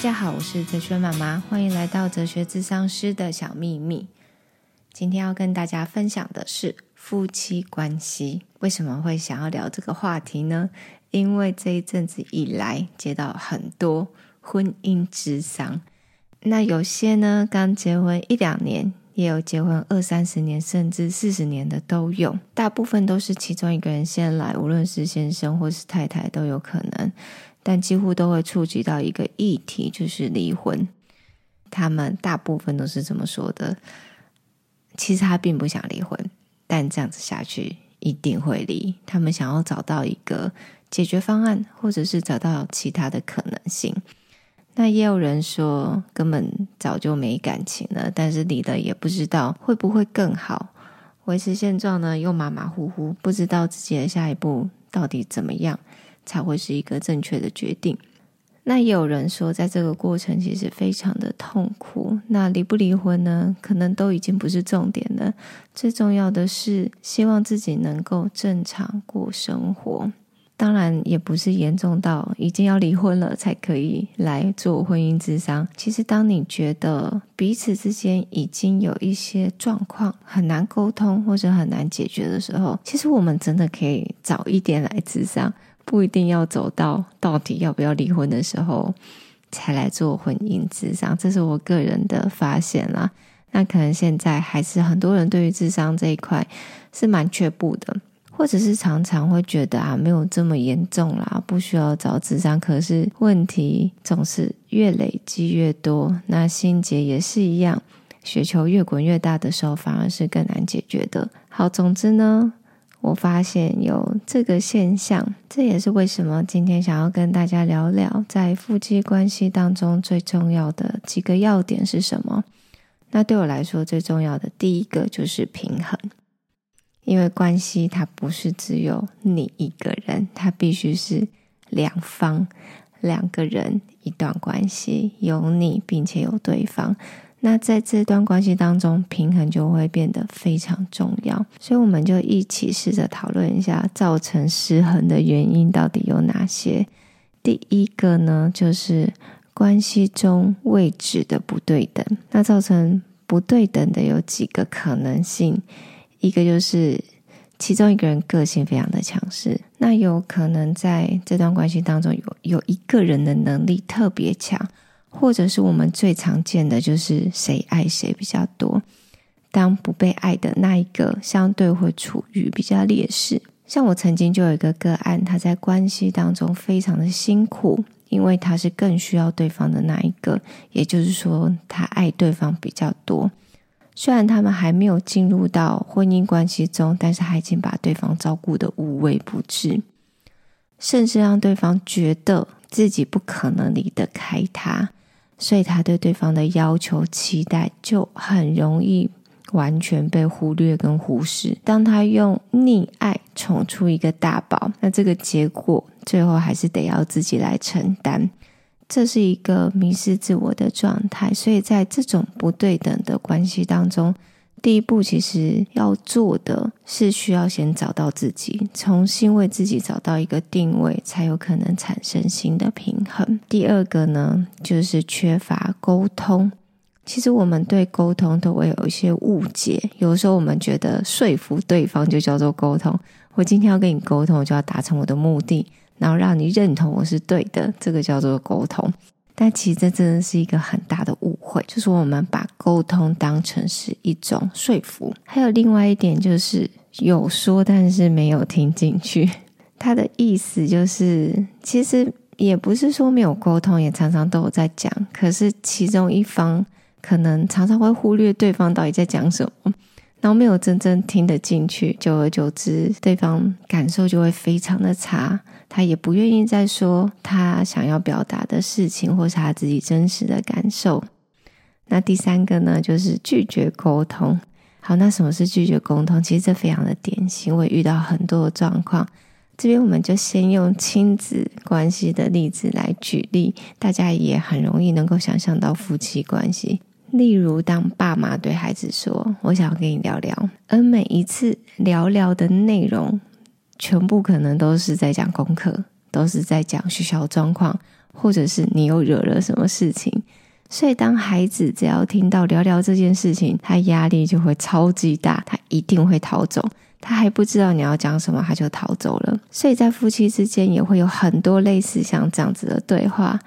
大家好，我是哲學媽媽，歡迎來到哲學諮商師的小秘密。今天要跟大家分享的是夫妻關係。為什麼會想要聊這個話題呢？因為這一陣子以來，接到很多婚姻諮商。那有些呢剛結婚一兩年，也有結婚二三十年甚至四十年的都有。大部分都是其中一個人先來，無論是先生或是太太都有可能。但幾乎都會觸及到一個議題，就是離婚。他們大部分都是這麼說的。其實他並不想離婚，但這樣子下去一定會離。他們想要找到一個解決方案，或者是找到其他的可能性。那也有人說，根本早就沒感情了，但是離了也不知道會不會更好。維持現狀呢，又馬馬虎虎，不知道自己的下一步到底怎麼樣才會是一個正確的決定。那也有人說，在這個過程其實非常的痛苦。那離不離婚呢？可能都已經不是重點了。最重要的是，希望自己能夠正常過生活。當然，也不是嚴重到已經要離婚了才可以來做婚姻諮商。其實，當你覺得彼此之間已經有一些狀況很難溝通或者很難解決的時候，其實我們真的可以早一點來諮商。不一定要走到到底要不要離婚的時候，才來做婚姻諮商，這是我個人的發現啦。那可能現在還是很多人對於諮商這一塊是蠻卻步的，或者是常常會覺得啊，沒有這麼嚴重啦，不需要找諮商。可是問題總是越累積越多，那心結也是一樣，雪球越滾越大的時候，反而是更難解決的。好，總之呢。我發現有這個現象，這也是為什麼今天想要跟大家聊聊，在夫妻關係當中最重要的幾個要點是什麼。那對我來說最重要的第一個就是平衡，因為關係它不是只有你一個人，它必須是兩方兩個人一段關係，有你並且有對方。那在這段關係當中，平衡就會變得非常重要。所以，我們就一起試着討論一下，造成失衡的原因到底有哪些。第一個呢，就是關係中位置的不對等。那造成不對等的有幾個可能性，一個就是其中一個人個性非常的強勢。那有可能在這段關係當中有，有有一個人的能力特別強。或者是我們最常見的，就是誰愛誰比較多。當不被愛的那一個，相對會處於比較劣勢。像我曾經就有一個個案，他在關係當中非常的辛苦，因為他是更需要對方的那一個，也就是說，他愛對方比較多。雖然他們還沒有進入到婚姻關係中，但是他已經把對方照顧得無微不至，甚至讓對方覺得自己不可能離得開他。所以他對對方的要求、期待就很容易完全被忽略跟忽視。當他用溺愛寵出一個大寶，那這個結果最後還是得要自己來承擔。這是一個迷失自我的狀態，所以在這種不對等的關係當中。第一步其實要做的是需要先找到自己，重新為自己找到一個定位，才有可能產生新的平衡。第二個呢，就是缺乏溝通。其實我們對溝通都會有一些誤解，有時候我們覺得說服對方就叫做溝通。我今天要跟你溝通，我就要達成我的目的，然後讓你認同我是對的，這個叫做溝通。但其實這真的是一個很大的誤會，就是我們把溝通當成是一種說服。還有另外一點就是有說，但是沒有聽進去。他的意思就是，其實也不是說沒有溝通，也常常都有在講，可是其中一方可能常常會忽略對方到底在講什麼。然後沒有真正聽得進去，久而久之，對方感受就會非常的差，他也不願意再說他想要表達的事情，或是他自己真實的感受。那第三個呢，就是拒絕溝通。好，那什麼是拒絕溝通？其實這非常的典型，我也遇到很多的狀況。這邊我們就先用親子關係的例子來舉例，大家也很容易能夠想象到夫妻關係。例如，當爸媽對孩子說“我想要跟你聊聊”，而每一次聊聊的內容，全部可能都是在講功課，都是在講學校狀況，或者是你又惹了什麼事情。所以，當孩子只要聽到聊聊這件事情，他壓力就會超級大，他一定會逃走。他還不知道你要講什麼，他就逃走了。所以在夫妻之間也會有很多類似像這樣子的對話。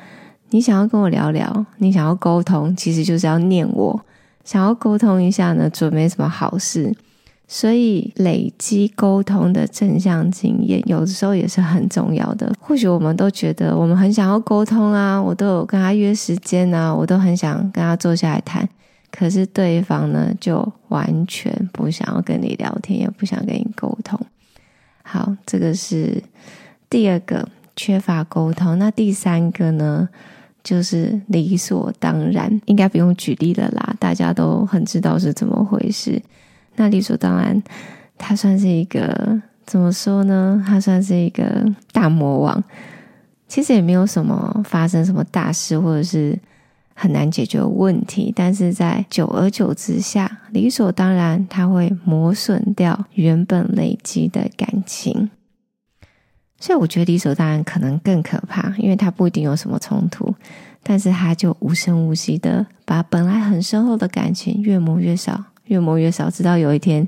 你想要跟我聊聊，你想要溝通，其實就是要念我。想要溝通一下呢，準沒什麼好事。所以累積溝通的正向經驗，有的時候也是很重要的。或許我們都覺得我們很想要溝通啊，我都有跟他約時間啊，我都很想跟他坐下來談。可是對方呢，就完全不想要跟你聊天，也不想跟你溝通。好，這個是第二個缺乏溝通。那第三個呢？就是理所當然，應該不用舉例了啦，大家都很知道是怎麼回事。那理所當然，他算是一個，怎麼說呢？他算是一個大魔王。其實也沒有什麼發生什麼大事，或者是很難解決的問題。但是在久而久之下，理所當然，他會磨損掉原本累積的感情。所以我覺得理所當然可能更可怕，因為他不一定有什麼衝突，但是他就無聲無息的把本來很深厚的感情越磨越少，越磨越少，直到有一天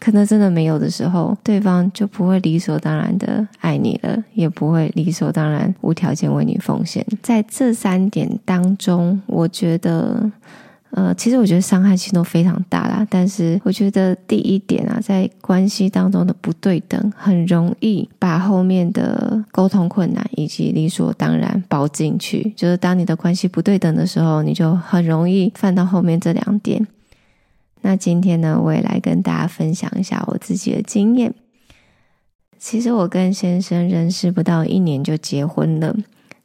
可能真的沒有的時候，對方就不會理所當然的愛你了，也不會理所當然無條件為你奉獻。在這三點當中，我覺得。呃，其實我覺得傷害其實都非常大啦，但是我覺得第一點啊，在關係當中的不對等，很容易把後面的溝通困難以及理所當然包進去。就是當你的關係不對等的時候，你就很容易犯到後面這兩點。那今天呢，我也來跟大家分享一下我自己的經驗。其實我跟先生認識不到一年就結婚了。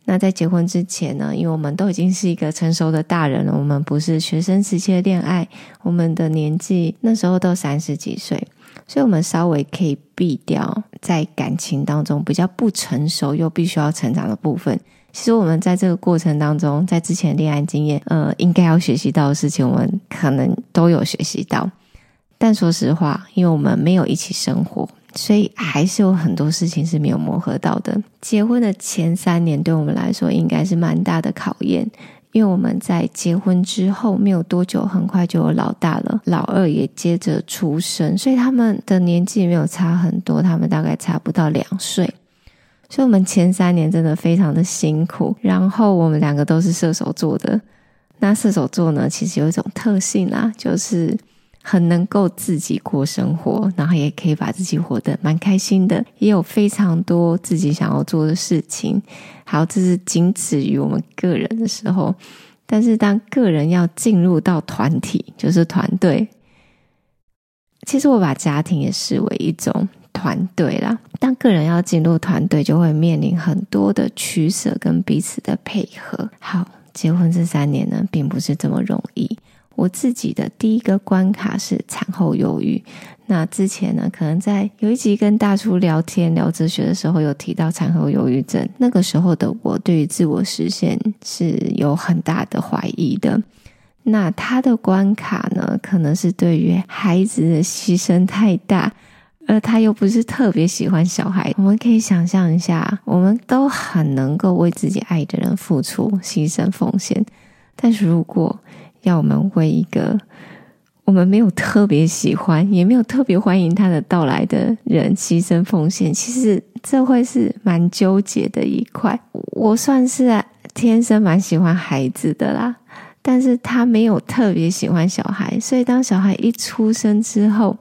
那在結婚之前呢，因為我們都已經是一個成熟的大人了，我們不是學生時期的戀愛，我們的年紀那時候都三十幾歲，所以我們稍微可以避掉在感情當中比較不成熟又必須要成長的部分。其實我們在這個過程當中，在之前的戀愛經驗，呃，應該要學習到的事情，我們可能都有學習到。但說實話，因為我們沒有一起生活。所以還是有很多事情是沒有磨合到的。結婚的前三年對我們來說應該是蠻大的考驗，因為我們在結婚之後沒有多久，很快就有老大了，老二也接着出生，所以他們的年紀沒有差很多，他們大概差不到兩歲。所以我們前三年真的非常的辛苦。然後我們兩個都是射手座的，那射手座呢，其實有一種特性啦啊，就是。很能夠自己過生活，然後也可以把自己活得蠻開心的，也有非常多自己想要做的事情。好，這是僅止於我們個人的時候。但是，當個人要進入到團體，就是團隊，其實我把家庭也視為一種團隊啦。當個人要進入團隊，就會面臨很多的取捨跟彼此的配合。好，結婚這三年呢，並不是這麼容易。我自己的第一個關卡是產後憂鬱。那之前呢，可能在有一集跟大廚聊天聊哲學的時候，有提到產後憂鬱症。那個時候的我，對於自我實現是有很大的懷疑的。那他的關卡呢，可能是對於孩子的犧牲太大，而他又不是特別喜歡小孩。我們可以想象一下，我們都很能夠為自己愛的人付出、犧牲、奉獻，但是如果……要我們為一個我們沒有特別喜歡，也沒有特別歡迎他的到來的人犧牲奉獻，其實這會是蠻糾結的一塊。我算是天生蠻喜歡孩子的啦，但是他沒有特別喜歡小孩，所以當小孩一出生之後，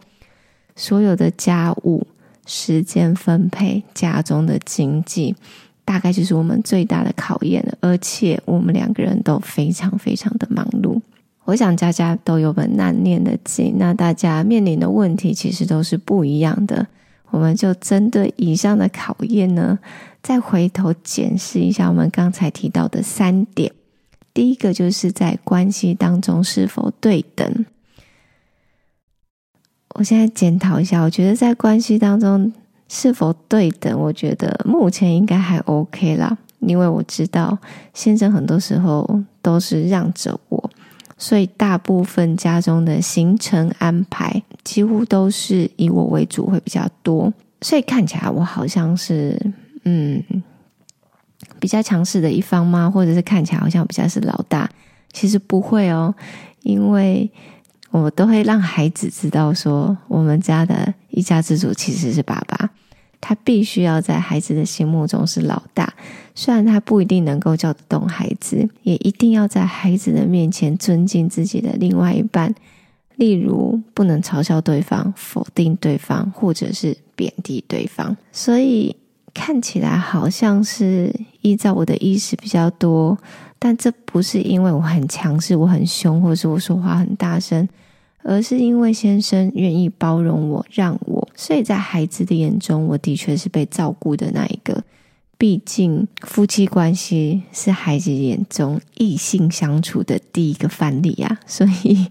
所有的家務、時間分配、家中的經濟，大概就是我們最大的考驗了。而且我們兩個人都非常非常的忙碌。我想家家都有本難念的經，那大家面臨的問題其實都是不一樣的。我們就針對以上的考驗呢，再回頭檢視一下我們剛才提到的三點。第一個就是在關係當中是否對等。我現在檢討一下，我覺得在關係當中是否對等，我覺得目前應該還 OK 啦，因為我知道先生很多時候都是讓着我。所以大部分家中的行程安排幾乎都是以我為主，會比較多，所以看起來我好像是嗯比較強勢的一方嗎？或者是看起來好像比較是老大？其實不會哦，因為我都會讓孩子知道說，我們家的一家之主其實是爸爸。他必須要在孩子的心目中是老大，雖然他不一定能夠叫得動孩子，也一定要在孩子的面前尊敬自己的另外一半。例如，不能嘲笑對方、否定對方，或者是貶低對方。所以看起來好像是依照我的意識比較多，但這不是因為我很強勢、我很兇，或是我說話很大聲。而是因為先生願意包容我，讓我，所以在孩子的眼中，我的確是被照顧的那一個。畢竟夫妻關係是孩子眼中異性相處的第一個範例啊！所以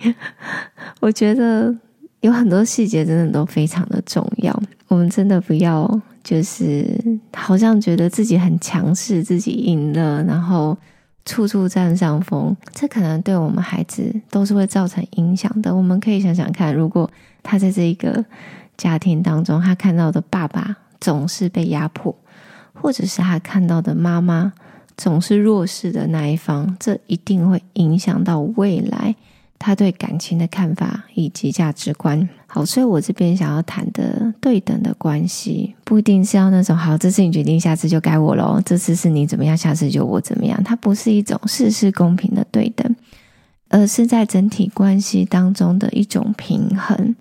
我覺得有很多細節真的都非常的重要。我們真的不要就是好像覺得自己很強勢，自己贏了，然後。處處占上風，這可能對我們孩子都是會造成影響的。我們可以想想看，如果他在這一個家庭當中，他看到的爸爸總是被壓迫，或者是他看到的媽媽總是弱勢的那一方，這一定會影響到未來他對感情的看法以及價值觀。好，所以，我這邊想要談的對等的關係，不一定是要那種，好，這次你決定，下次就該我嘍。這次是你怎麼樣，下次就我怎麼樣。它不是一種事事公平的對等，而是在整體關係當中的一種平衡。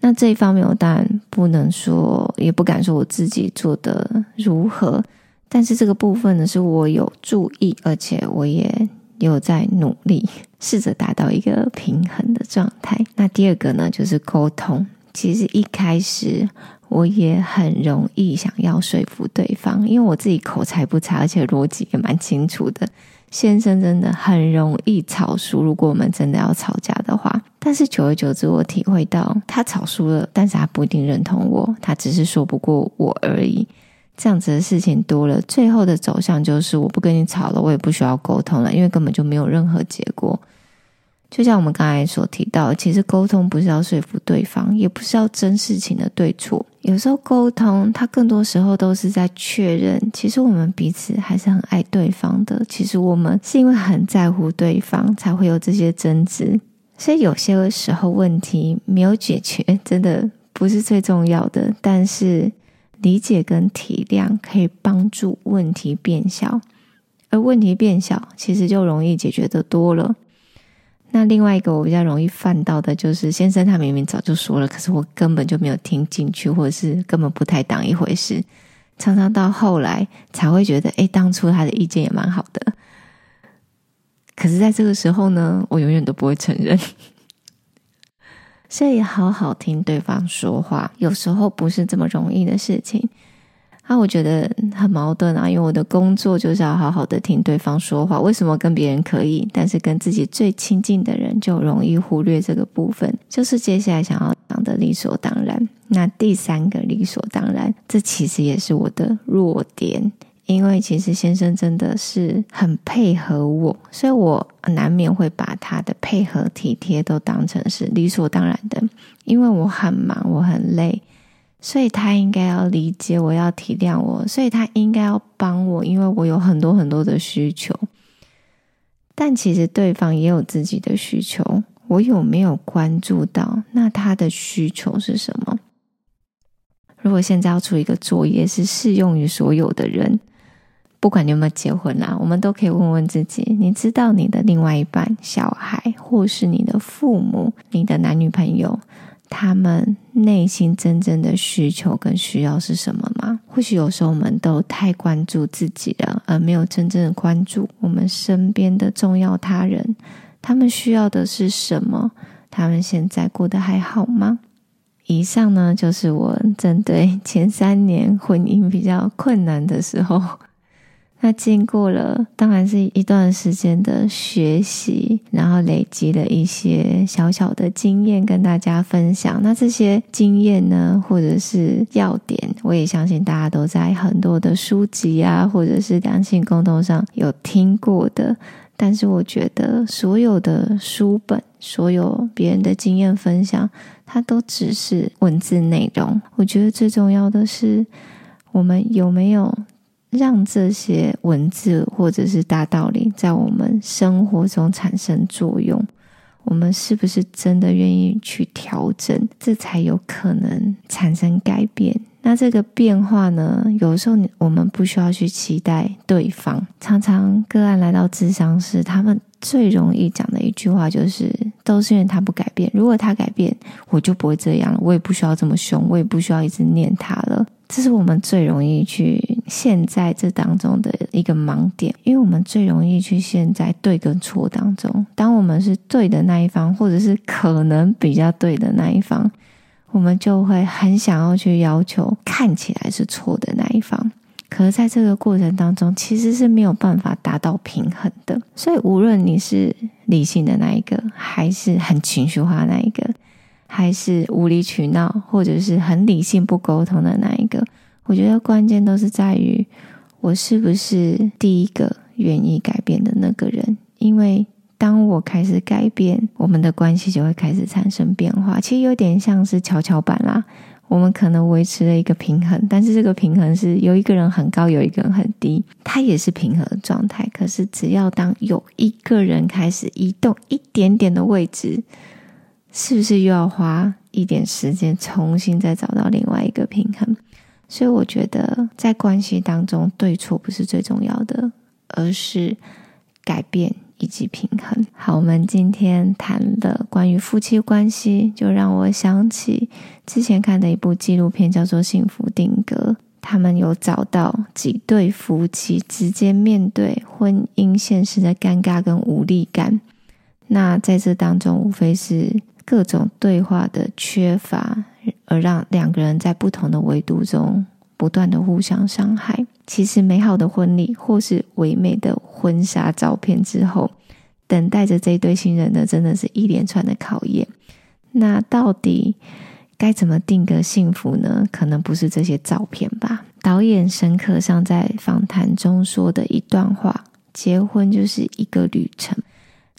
那這一方面，我當然不能說，也不敢說我自己做得如何，但是這個部分呢，是我有注意，而且我也。又在努力，試着達到一個平衡的狀態。那第二個呢，就是溝通。其實一開始我也很容易想要說服對方，因為我自己口才不差，而且邏輯也蠻清楚的。先生真的很容易吵輸，如果我們真的要吵架的話。但是久而久之，我體會到他吵輸了，但是他不一定認同我，他只是說不過我而已。這樣子的事情多了，最後的走向就是我不跟你吵了，我也不需要溝通了，因為根本就沒有任何結果。就像我們剛才所提到的，其實溝通不是要說服對方，也不是要爭事情的對錯。有時候溝通，它更多時候都是在確認，其實我們彼此還是很愛對方的。其實我們是因為很在乎對方，才會有這些爭執。所以有些時候問題沒有解決，真的不是最重要的，但是。理解跟體諒可以幫助問題變小，而問題變小，其實就容易解決得多了。那另外一個我比較容易犯到的，就是先生他明明早就說了，可是我根本就沒有聽進去，或者是根本不太當一回事。常常到後來才會覺得，哎，當初他的意見也蠻好的。可是，在這個時候呢，我永遠都不會承認。所以好好聽對方說話，有時候不是這麼容易的事情。啊，我覺得很矛盾啊，因為我的工作就是要好好的聽對方說話。為什麼跟別人可以，但是跟自己最親近的人就容易忽略這個部分？就是接下來想要講的理所當然。那第三個理所當然，這其實也是我的弱點。因為其實先生真的是很配合我，所以我難免會把他的配合體貼都當成是理所當然的。因為我很忙，我很累，所以他應該要理解我，要體諒我，所以他應該要幫我，因為我有很多很多的需求。但其實對方也有自己的需求，我有沒有關注到？那他的需求是什麼？如果現在要出一個作業，是適用於所有的人。不管你有沒有結婚啦、啊，我們都可以問問自己：你知道你的另外一半、小孩，或是你的父母、你的男女朋友，他們內心真正的需求跟需要是什麼嗎？或許有時候我們都太關注自己了，而沒有真正的關注我們身邊的重要他人。他們需要的是什麼？他們現在過得還好嗎？以上呢，就是我針對前三年婚姻比較困難的時候。那經過了，當然是一段時間的學習，然後累積了一些小小的經驗跟大家分享。那這些經驗呢，或者是要點，我也相信大家都在很多的書籍啊，或者是兩性溝通上有聽過的。但是我覺得所有的書本，所有別人的經驗分享，它都只是文字內容。我覺得最重要的是，我們有沒有讓這些文字或者是大道理在我們生活中產生作用，我們是不是真的願意去調整？這才有可能產生改變。那這個變化呢？有時候我們不需要去期待對方。常常個案來到諮商室，他們最容易講的一句話就是：“都是因為他不改變，如果他改變，我就不會這樣了，我也不需要這麼兇，我也不需要一直念他了。”這是我們最容易去。現在這當中的一個盲點，因為我們最容易去陷在對跟錯當中。當我們是對的那一方，或者是可能比較對的那一方，我們就會很想要去要求看起來是錯的那一方。可是，在這個過程當中，其實是沒有辦法達到平衡的。所以，無論你是理性的那一個，還是很情緒化的那一個，還是無理取鬧，或者是很理性不溝通的那一個。我覺得關鍵都是在於我是不是第一個願意改變的那個人，因為當我開始改變，我們的關係就會開始產生變化。其實有點像是蹺蹺板啦，我們可能維持了一個平衡，但是這個平衡是有一個人很高，有一個人很低，它也是平衡的狀態。可是只要當有一個人開始移動一點點的位置，是不是又要花一點時間重新再找到另外一個平衡？所以我覺得，在關係當中，對錯不是最重要的，而是改變以及平衡。好，我們今天談的關於夫妻關係，就讓我想起之前看的一部紀錄片，叫做《幸福定格》。他們有找到幾對夫妻，直接面對婚姻現實的尷尬跟無力感。那在這當中，無非是各種對話的缺乏。而讓兩個人在不同的維度中不斷的互相傷害。其實，美好的婚禮或是唯美的婚紗照片之後，等待着這對新人的，真的是一連串的考驗。那到底該怎麼定格幸福呢？可能不是這些照片吧。導演沈可尚在訪談中說的一段話：“結婚就是一個旅程，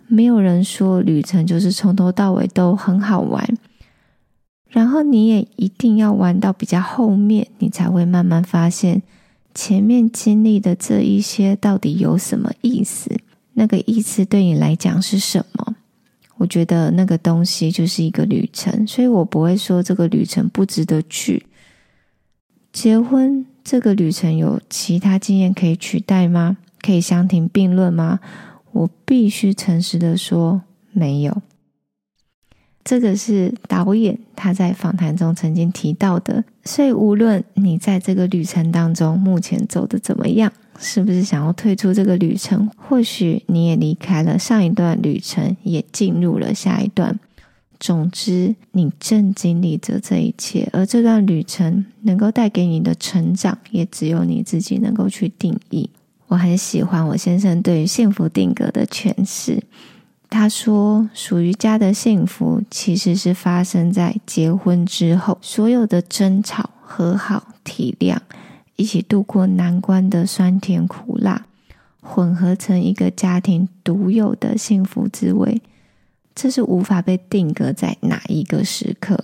沒有人說旅程就是從頭到尾都很好玩。”然後你也一定要玩到比較後面，你才會慢慢發現前面經歷的這一些到底有什麼意思。那個意思對你來講是什麼？我覺得那個東西就是一個旅程，所以我不會說這個旅程不值得去。結婚這個旅程有其他經驗可以取代嗎？可以相提並論嗎？我必須誠實的說，沒有。這個是導演他在訪談中曾經提到的，所以無論你在這個旅程當中目前走得怎麼樣，是不是想要退出這個旅程，或許你也離開了上一段旅程，也進入了下一段。總之，你正經歷着這一切，而這段旅程能夠帶給你的成長，也只有你自己能夠去定義。我很喜歡我先生對於幸福定格的詮釋。他說：“屬於家的幸福，其實是發生在結婚之後，所有的爭吵、和好、體諒，一起度過難關的酸甜苦辣，混合成一個家庭獨有的幸福滋味。這是無法被定格在哪一個時刻，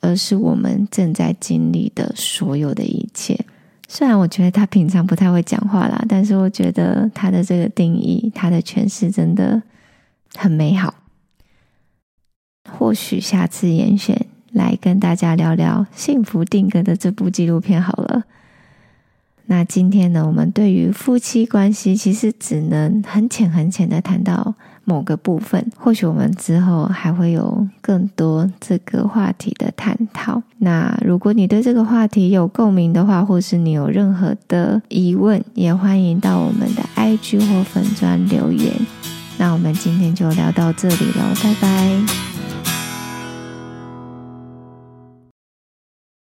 而是我們正在經歷的所有的一切。雖然我覺得他平常不太會講話啦，但是我覺得他的這個定義，他的詮釋真的。”很美好。或許下次嚴選來跟大家聊聊《幸福定格》的這部紀錄片好了。那今天呢，我們對於夫妻關係其實只能很淺很淺的談到某個部分。或許我們之後還會有更多這個話題的探討。那如果你對這個話題有共鳴的話，或是你有任何的疑問，也歡迎到我們的 IG 或粉專留言。那我們今天就聊到這裡嘍，拜拜。